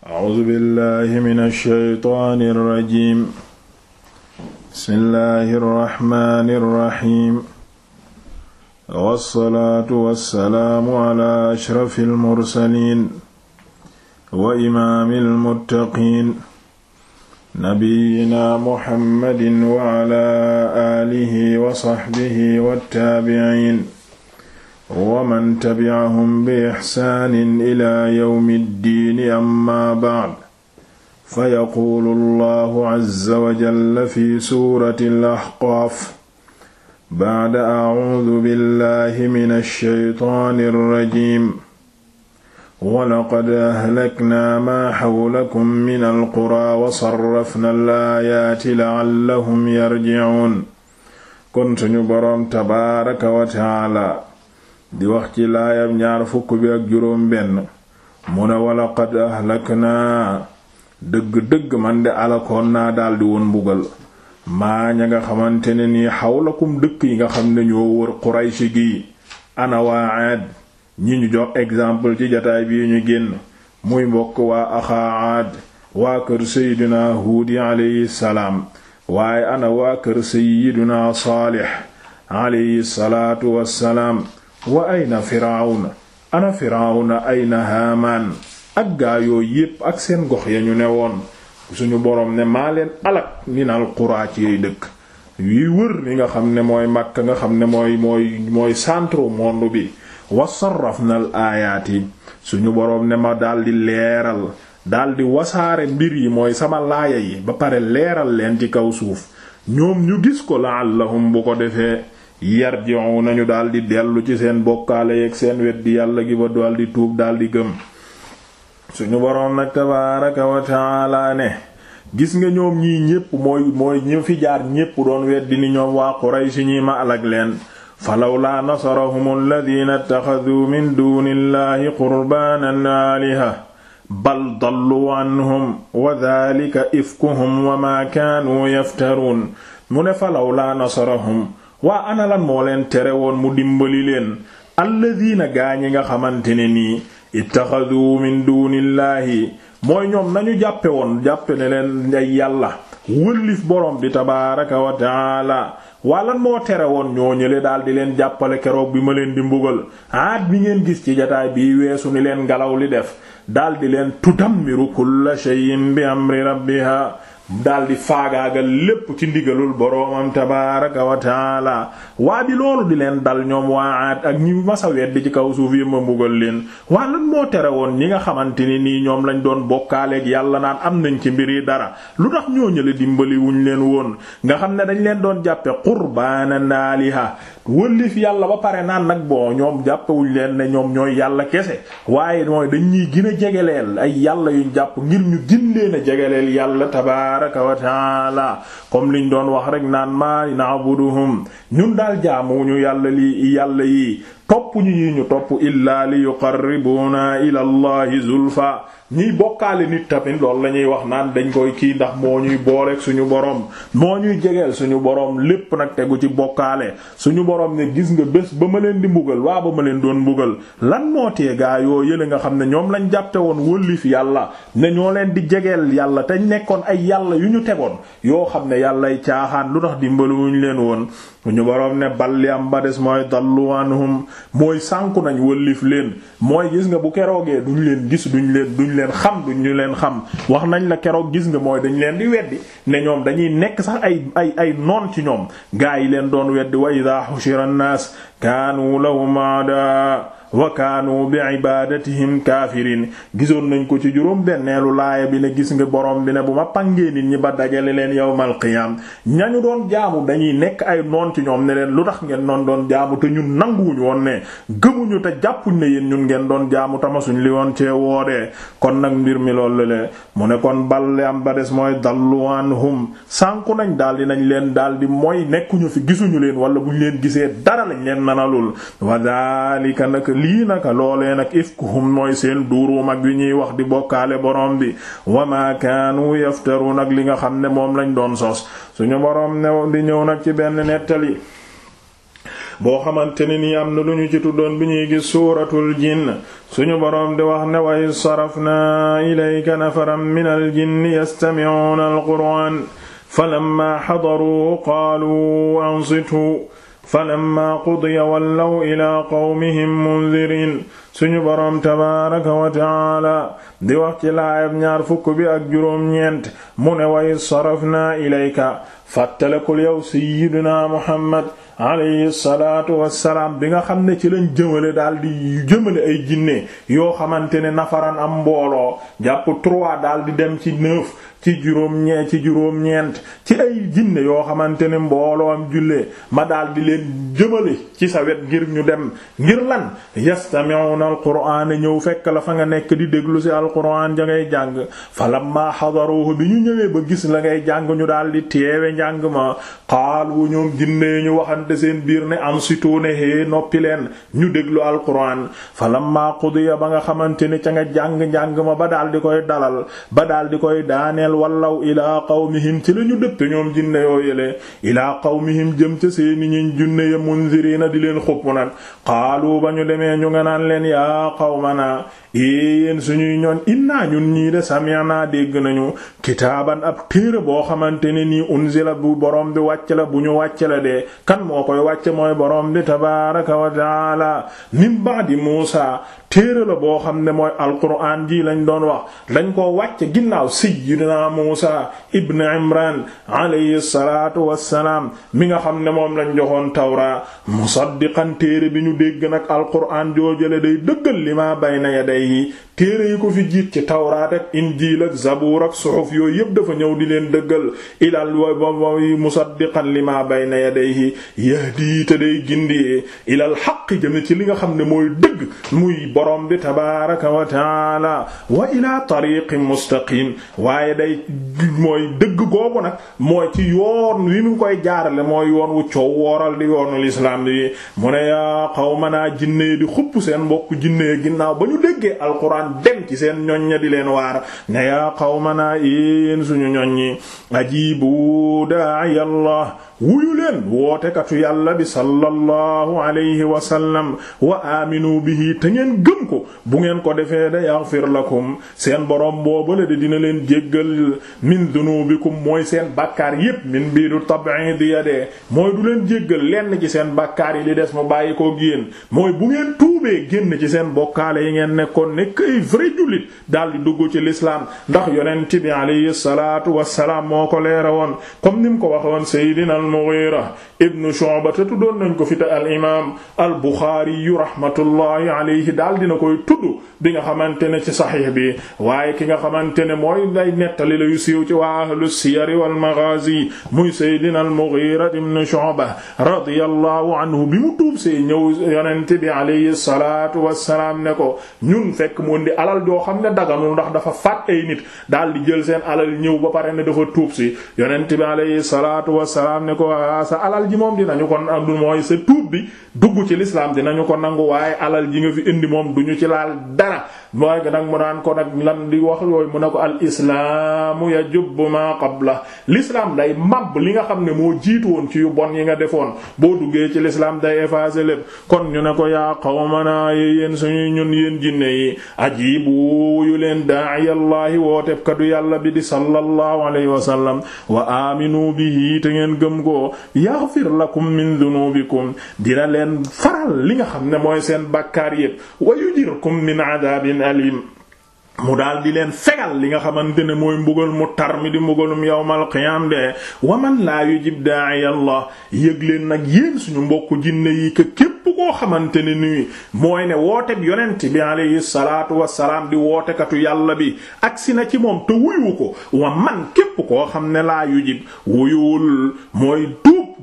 A'uuzu billaahi mina shaytaani rajiim. Bismillaahi rahmaani rahiim. Wassalaatu wassalaamu alaa ashrafil mursaliin. Wa imaamil muttaqiin. Nabiyyinaa Muhammadin wa alaa aalihi wa sahbihi wa taabi'iin. wa man tabi'ahum bi ixsaanin ila yawmi ddiini amma ba'd fa yaquulu allahu azza wa jalla fi suurati al-ahqaaf ba'da a'uudu billahi mina shaytaani rajiim wa laqad ahlaknaa maa xawlakum min alquraa wa sarrafnaa al-aayaati la'allahum yarji'uun kon suñu boroom tabaaraka wa ta'aala di wax ci laayam ñaar fukk bi ak juróom benn mu ne wala qad ahlak dëgg-dëgg man de alakoon naa daldi woon mbugal maa ña nga xamante ne nii xawlakum dëkk yi nga xam ne ñoo wër Quraysh gi ana waa Aad ñi ñu jox exemple ci jataay bi ñu génn muy mbokk waa axaa Aad waa kër Seydina Huudi alayhi waaye ana waa kër Seydina Saalix alayhi salaatu wassalaam wa ayna firawna ana firawna ayna haamaan ak gaa yooyu yépp ak seen gox ya ñu ne woon suñu boroom ne maa leen alak minal quraa ci dëkk yuy wër li nga xam ne mooy makk nga xam ne mooy mooy mooy centre monde bi wa sarrafna al aayaati suñu boroom ne ma daldi leeral daldi wasaare mbir yi mooy sama laaya yi ba pare leeral leen ci kaw suuf ñoom ñu gis ko la'allahum bu ko defee yarji'u nañu daldi dellu ci seen bokkaale yeeg seen weddi yàlla gi ba daldi tuub daldi gëm suñu boroom nag tabaaraka wa ta'aala ne gis nga ñoom ñii ñépp mooy mooy ñi fi jaar ñépp doon weddi ni ñoom waa Quraysh ñi ma alag leen falawlaa nasarahum alladina bal dallu anhum wa dalika ifkuhum wa maa kaanuu yaftaruun mu ne falawlaa nasarahum waa ana lan moo leen tere woon mu dimbali leen alladina gaa ñi nga xamante ne nii ittaxadu min dunillahi mooy ñoom nañu jàppe woon jàppe leen ay yàlla wëllif borom bi tabaaraka wa taala waa lan moo tere woon ñoo ñële daal di leen jàppale keroog bi ma leen di mbugal aat bi ngeen gis ci jataay bi weesu ni leen ngelaw li def daal di leen tudammiru kulla shay'in bi amri rabbiha daldi faagaagal lépp ci ndigalul boroomam tabaaraka wa taala waa bi loolu di leen dal ñoom waa aat ak ñi masa weddi ci kaw suuf yi ma mbugal leen waa lan moo tere woon ñi nga xamante ni nii ñoom lañ doon bokkaaleek yàlla naan am nañ ci mbir yi dara lu tax ñoo ñële dimbali leen woon nga xam ne dañ leen doon jàppe qurbaanan aaliha wëllif yàlla ba pare naan nag boo ñoom jàppewuñ leen ne ñoom ñooy yàlla kese waaye mooy dañ ñuy gën jegeleel ay yàlla yuñ jàpp ngir ñu gin leen a jegeleel yàlla tabaar tabaaraka wa taala comme doon wax rek naan maa na'buduhum ñun daal jaamuñu yàlla lii yàlla yi topp ñu yi ñu topp illaa li yuqarribuna ila allahi zulfa ñiy bokkaale nit tamit loolu la ñuy wax naan dañ koy kii ndax moo ñuy booleek suñu borom moo ñuy jegeel suñu borom lépp nag tegu ci bokkaale suñu boroom ne gis nga bés ba ma leen di mbugal waa ba ma leen doon mbugal lan moo tee yoo yële nga xam ne ñoom lañ jàpte woon wëllif yàlla ne ñoo leen di jegeel yàlla yu ñu tegoon yoo xam ne yàllay caaxaan lu tax dimbaluwuñ leen woon ñu boroom ne balli am ba des mooy dallu anhum mooy sànku nañ wëllif leen mooy gis nga bu keroogee duñ leen gis duñ leen duñ leen xam duñ leen xam wax nañ la keroog gis nga mooy dañ leen di weddi ne ñoom dañuy nekk sax ay ay ay noon ci ñoom gaa yi leen doon weddi wa idha hushira an-nas kaanu lahum ada wa kaanu bi ibadatihim kaafiriin gisoon nañ ko ci juróom benneelu laaya bi ne gis nga boroom bi ne bu ma pangee nit ñi ba dajale leen yawmal qiyaam ñañu doon jaamu dañuy nekk ay noon ci ñoom ne leen lu tax ngeen noon doon jaamu te ñun nanguwuñu woon ne gëmuñu te jàppuñ ne yéen ñun ngeen doon jaamu tamasuñ li woon cee woodee kon nag mbir mi loolu le mu ne kon balle am ba des mooy dalluwaanhum sànku nañ daal di nañ leen daal di mooy nekkuñu fi gisuñu leen wala buñ leen gisee dara lañ leen nanalul lii naka loolee nag ifkuhum mooy seen duuru mag yu ñuy wax di bokkaale boroom bi wa ma kaanu yaftaru nag li nga xam ne moom lañ doon sos suñu borom ne di ñëw nag ci benn nettali boo xamante ne nii am na lu ñu ci tuddoon bi ñuy gis suuratul jinn suñu boroom di wax ne wa iz sarafnaa ilayka nafaran minal jinni yastami'uuna al-qur'aan falammaa hadaruu qaaluu ansituu falammaa qudiya wallaw ilaa qawmihim munziriin suñu boroom tabaaraka wa taala di wax ci laayab ñaar fukk bi ak juróom-ñeent mu ne way sarafnaa ilayka fàttalikul yow sayyidunaa Muhammad alayhi salaatu wassalaam bi nga xam ne ci lañ jëmale daal di jëmale ay jinne yoo xamante ne nafaran am mbooloo jàpp trois daal di dem ci neuf ci juróom ñee ci ñeent ci ay jinne yoo xamante ne mbooloo am jullee ma daal di leen jëmale ci sa wet ngir ñu dem ngir lan yastami'una alqur'ana ñëw fekk la fa nga nekk di déglu ci alqur'an ja ngay jàng falamma hadaruhu bi ñu ñëwee ba gis la ngay jàng ñu daal di teewe njàng ma qaalu ñoom jinne ñu waxan waxante seen biir ne am sitoo ne hee noppi leen ñu déglu alquran fa lamma qudiya ba nga xamante ne ca nga jàng-njàng ma ba daal di koy dalal ba daal di koy daaneel wallaw ilaa qawmihim ci la ñu dëppe ñoom jinne yoo yélee ilaa qawmihim jëm ca seeni ñiñ junne ya munzirina di leen xupp nag qaalu ba ñu demee ñu nga naan leen yaa qawmana yéen suñuy ñoon inna ñun ñii de sami'na dégg nañu kitaaban ab téere boo xamante ne nii unzila bu borom bi wàcc la bu ñu wàcc la de kan moo moo koy wàcce mooy borom bi tabaaraka wa taala min ba'di Muusa téere la boo xam ne mooy alquran ji lañ doon wax dañ ko wàcce ginnaaw sayyidina Muusa ibn Imran alayhi salaatu wassalaam mi nga xam ne moom lañ joxoon tawra musaddiqan téere bi ñu dégg nag alquran joojale day dëggal li ma bayna yadayhi téere yi ko fi jiit ci tawraat ak injiil ak zabuur ak suxuf yooyu yëpp dafa ñëw di leen dëggal ilal wawayi musaddiqan li ma bayna yadayhi di te day gindi ilal xaq jëm ci li nga xam ne mooy dëgg borom bi tabaaraka wa taala wa ilaa tariqin mustaqim waaye day mooy dëgg googu nag mooy ci yoon wi mu koy jaarale mooy yoon wu coow wooral di yoonu lislaam bi mu ne yaa qawmanaa jinne di xupp seen mbokk jinne ginnaaw ba ñu déggee alquran dem ci seen ñoñña di leen waar ne yaa qawmanaa yéen suñu ñoññi ajibu daa'i Allah wuyu leen wootekatu yàlla bi sallallahu alayhi wa sallam wa aminu bihi te ngeen gëm ko bu ngeen ko defee da yaghfir lakum seen boroom boobale de dina leen jéggal min dunubikum mooy seen bàkkaar yépp min biiru du di ya de mooy du leen jéggal lenn ci seen bàkkaar yi li des mu bàyyi ko génn mooy bu ngeen tuubee génn ci seen bokkaale yi ngeen nekkoon nekk ay vrai jullit daal di dugg ci l'islam ndax yonent bi alayhi salaatu wassalaam moo ko leera woon comme ni mu al-Mughira ibnu Shu'ba nañ ko fi te al imaam al Buxaari yu rahmatullahi alayhi daal dina koy tudd bi nga xamante ne ci saxiix bi waaye ki nga xamante ne mooy lay nettali la yu siiw ci waa ahlu siyar wal maghaazi muy Seydina al Mughira ibnu Shu'ba radiyallahu anhu bi mu tuub see ñëw yonent bi alayhi salaatu wassalaam ne ko ñun fekk mu indi alal joo xam ne daganul ndax dafa faat ay nit daal di jël seen alal ñëw ba pare ne dafa tuub si yonent bi alayhi salaatu wassalaam ne ko ah, sa alal ji moom dinañu ko nangu mooy sa tuub bi dugg ci lislaam dinañu ko nangu waaye alal ji nga fi indi moom duñu ci laal dara mooy nag mu naan ko nag lan di wax yooyu mu ne ko al islaamu yajubbu ma qabla l'islam day màbb li nga xam ne moo jiitu woon ci yu bon yi nga defoon boo duggee ci l'islam day effacer lépp kon ñu ne ko yaa qawmana yéen suñuy ñun yéen jinne yi ajibu yu leen da'iyallahi wooteb kadu yàlla bi di sallallahu alayhi wa sallam wa aminu bihi te ngeen gëm ko yaghfir lakum min dunubikum dina leen faral li nga xam ne mooy seen bàkkaar yépp wa yujirkum min adabin alim mu daal di leen fegal li nga xamante ne mooy mbugal mu tar mi di mbugalum yawmal qiyaam de man laa yujib daa'i Allah yëg leen nag yéen suñu mbokku jinne yi ke képp koo xamante ne nii mooy ne woote bi yonent bi alayhi salaatu wassalaam di wootekatu yàlla bi agsi na ci moom te wuyu ko wa man képp koo xam ne laa yujib wuyuwul mooy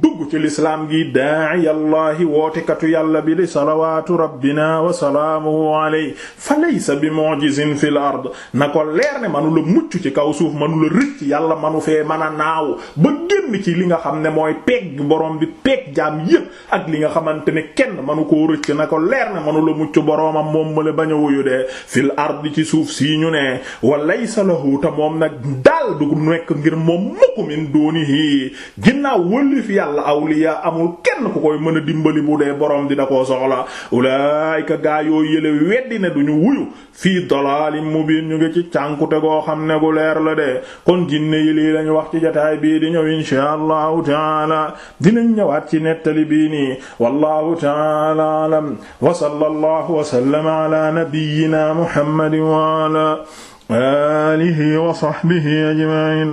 dugg ci lislaam gi daa'iyallaahi wootekatu yàlla bi di salawaatu rabbina wa salaamuhu alayhi fa laysa bi mu'jizin fil ard na ko leer ne manu la mucc ci kaw suuf manu la yàlla manu fee mën a naaw ba li nga xam ne mooy peeg bi peeg jaam yépp ak li nga xamante ne kenn manu koo rëcc na leer ne manu la mucc boromam moom male bañ a wuyu dee fil ard ci suuf sii ñu ne wa laysa lahu moom nag daal du nekk ginnaaw wëlli fi yàlla awliya amul kenn ku koy mën a dimbali bu dee borom dina ko soxla ulaayika gaa yoo yële weddi du duñu wuyu fii dalaalin mubiin ñu ngi ci cànkute goo xam ne gu leer la de kon jinne yi lii lañu wax ci jotaay bii di ñëw inshaa allahu taala dinañ ñëwaat ci nettali bii ni wallahu taala alam wa sallallahu wa sallama ala nabiyyina muhammadin wa ala alihi wa sahbihi ajma'in